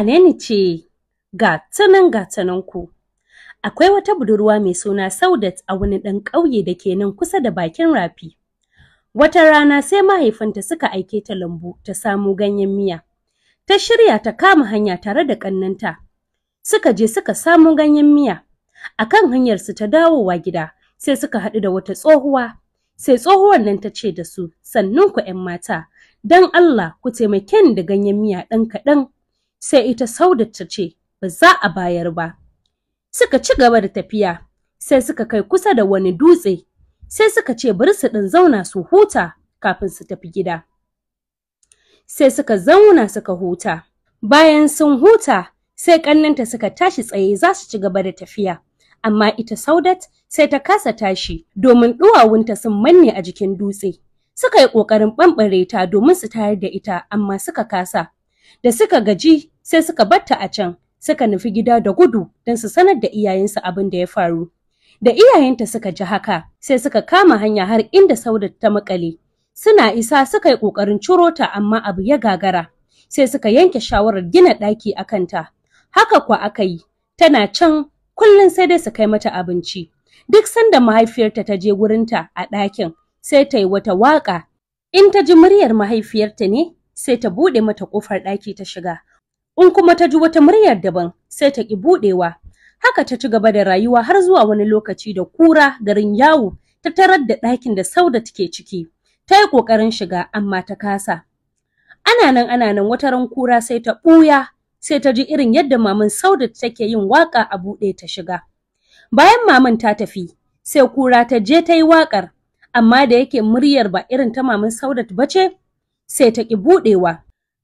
Wanene ce, ga tanan ga tanan ku. Akwai wata budurwa mai suna Saudat a wani ɗan ƙauye da ke nan kusa da bakin rafi. Wata rana sai mahaifinta suka aike ta lambu ta samu ganyen miya. Ta shirya ta kama hanya tare da ƙannanta. Suka je suka samu ganyen miya. A kan hanyarsu ta dawowa gida sai suka haɗu da wata tsohuwa. Sai tsohuwar nan ta ce da su, sannun ku ‘yan mata, don Allah ku taimake ni da ganyen miya ɗan kaɗan sai ita Saudat ta ce ba za a bayar ba. Suka ci gaba da tafiya, sai suka kai kusa da wani dutse, sai suka ce bari su ɗin zauna su huta kafin su tafi gida. Sai suka zauna suka huta, bayan sun huta sai ƙannanta suka tashi tsaye za su ci gaba da tafiya, amma ita Saudat sai ta kasa tashi domin ɗuwawunta sun manne a jikin dutse. Suka yi ƙoƙarin ɓamɓare ta domin su tayar da ita amma suka kasa Da suka gaji sai suka batta a can, suka nufi gida da gudu don su sanar da iyayensu abin da ya faru. Da iyayenta suka ji haka, sai suka kama hanya har inda sauda ta makale. Suna isa suka yi ƙoƙarin ciro ta amma abu ya gagara. Sai suka yanke shawarar gina ɗaki a kanta. Haka kwa aka yi, tana can kullum sai dai su kai mata abinci. Duk sanda mahaifiyarta ta je wurinta a ɗakin, sai ta yi wata waƙa. In ta ji muryar mahaifiyarta ne, sai ta buɗe mata ƙofar ɗaki ta shiga. In kuma ta ji wata muryar daban sai ta ƙi buɗewa. Haka ta ci gaba da rayuwa har zuwa wani lokaci da kura garin yawo ta tarar da ɗakin da sauda take ciki. Ta yi ƙoƙarin shiga amma ta kasa. Ana nan ana nan wata ran kura sai ta ɓuya sai ta ji irin yadda maman sauda take yin waƙa a buɗe ta shiga. Bayan maman ta tafi sai kura ta je ta yi waƙar amma da yake muryar ba irin ta maman saudat ba ce sai ta ƙi buɗewa.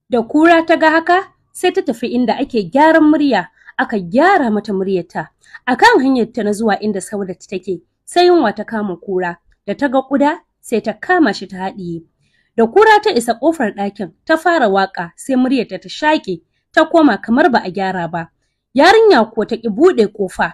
Da kura ta ga haka sai ta tafi inda ake gyaran murya aka gyara mata muryarta. akan kan hanyarta na zuwa inda Saudat take sai yunwa ta kama kura da ta ga ƙuda sai ta kama shi ta haɗiye. Da kura ta isa ƙofar ɗakin ta fara waƙa sai muryarta ta shaƙe ta koma kamar ba a gyara ba. Yarinya ko ta ƙi buɗe ƙofa.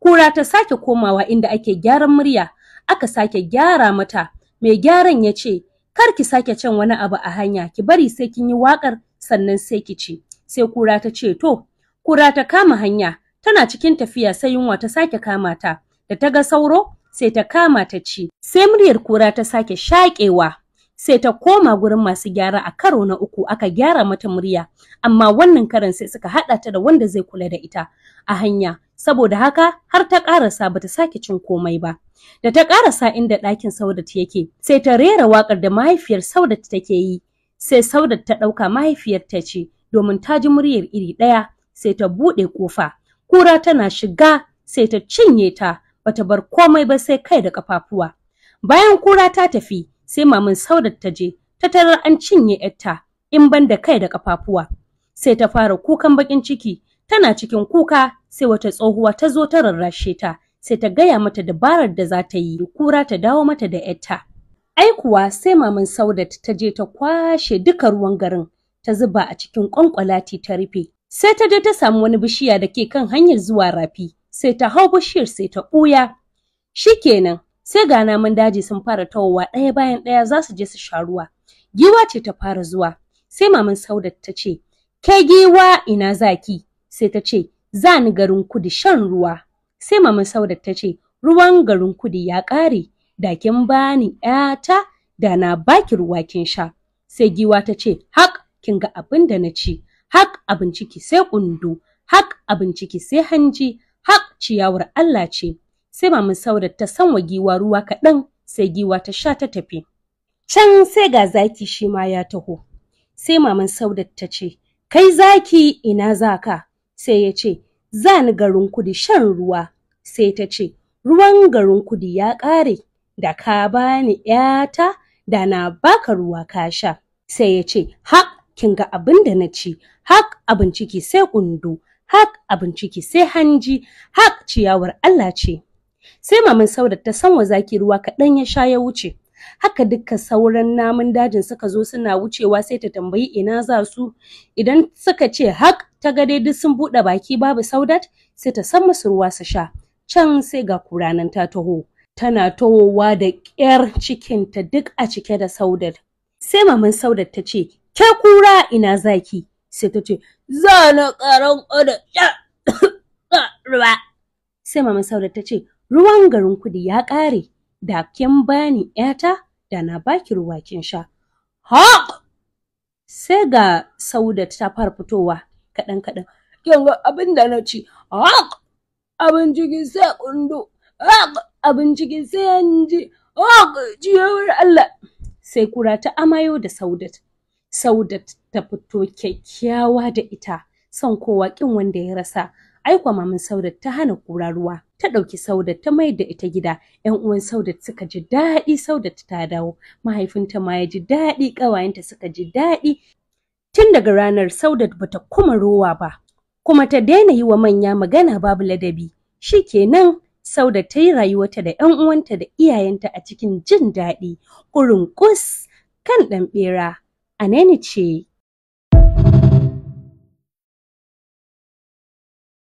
Kura ta sake komawa inda ake gyaran murya aka sake gyara mata mai gyaran ya ce kar ki sake cin wani abu a hanya ki bari sai kin yi wakar sannan sai ki ci sai kura ta ce to kura ta kama hanya tana cikin tafiya sai yunwa ta sake kama ta da ta ga sauro sai ta kama ta ci sai muryar kura ta sake shaƙewa sai ta koma gurin masu gyara a karo na uku aka gyara mata murya amma wannan karan sai suka haɗa ta da wanda zai kula da ita a hanya saboda haka har ta karasa bata sake cin komai ba da ta karasa inda ɗakin Saudat yake sai ta rera waƙar da mahaifiyar Saudat take yi sai Saudat ta ɗauka mahaifiyar ta ce domin ta ji muryar iri ɗaya sai ta buɗe ƙofa kura tana shiga sai ta cinye ta Ba ta bar komai ba sai kai da ƙafafuwa bayan kura ta tafi sai mamin Saudat ta je ta tarar an cinye yarta in ban da kai da ƙafafuwa sai ta fara kukan baƙin ciki Tana cikin kuka sai wata tsohuwa ta zo ta rarrashe ta sai ta gaya mata dabarar da za ta yi kura ta dawo mata da ‘yarta. Ai kuwa sai maman Saudat ta je ta kwashe duka ruwan garin ta zuba a cikin ƙwanƙwalati ta rufe. Sai ta je ta samu wani bishiya da ke kan hanyar zuwa rafi sai ta hau bishiyar sai ta ɓuya. Shikenan sai ga namun daji sun fara tawowa ɗaya bayan ɗaya za su je su sha ruwa. Giwa ce ta fara zuwa sai maman Saudat ta ce, Ke giwa ina zaki? sai ta ce za garin kudi shan ruwa sai mama saudat ta ce ruwan garin kudi ya ƙare da kin bani ƴata da na baki ruwa kin sha sai giwa ta ce hak kin ga abin da na ci hak abinci ki sai ƙundu. hak abinci ki sai hanji hak ciyawar Allah ce sai mama saudat ta sanwa giwa ruwa kaɗan sai giwa ta sha ta tafi can sai ga zaki shi ma ya taho sai maman saudat ta ce kai zaki ina zaka sai ya ce, Za ni garin kudi shan ruwa, sai ta ce, Ruwan garin kudi ya ƙare, da ka bani ‘yata da na baka ruwa ka sha. Sai ya ce, Hak, kin ga abin da na ci, hak abin ciki sai ƙundu, hak abin ciki sai hanji, hak ciyawar Allah ce. Sai maman Saudat ta san wa zaki ruwa kaɗan ya sha ya wuce. haka duka sauran namun dajin suka zo suna wucewa sai ta tambayi ina za su idan suka ce hak ta ga dai duk sun buɗe baki babu saudat sai ta san musu ruwa su sha can sai ga kuranan ta taho tana tahowa da ƙyar cikinta duk a cike da saudat sai maman saudat ta ce ke kura ina zaki sai ta ce za na karan oda ruwa sai maman saudat ta ce ruwan garin kudi ya ƙare da kin bani ƴata da na baki ruwa kin sha. ha Sai ga Saudat ta fara fitowa kaɗan kaɗan yawwa abin da na ci ak abin jigin sai kundu ak abin jigin sai hanji ak jiyawar Allah sai kura ta amayo da saudat saudat ta fito kyakkyawa da ita son kowa kin wanda ya rasa aikwa mamin saudat ta hana kura ruwa ta ɗauki saudat ta mai da ita gida yan uwan saudat suka ji daɗi saudat ta dawo mahaifinta ma ya ji daɗi ƙawayenta suka ji daɗi Tun daga ranar Saudat bata kuma rowa ba, kuma ta daina yi wa manya magana babu ladabi. Shi kenan Saudat ta yi rayuwarta da 'yan uwanta da iyayenta a cikin jin daɗi, ƙurin kus kan ɗan ɓera. Anene ce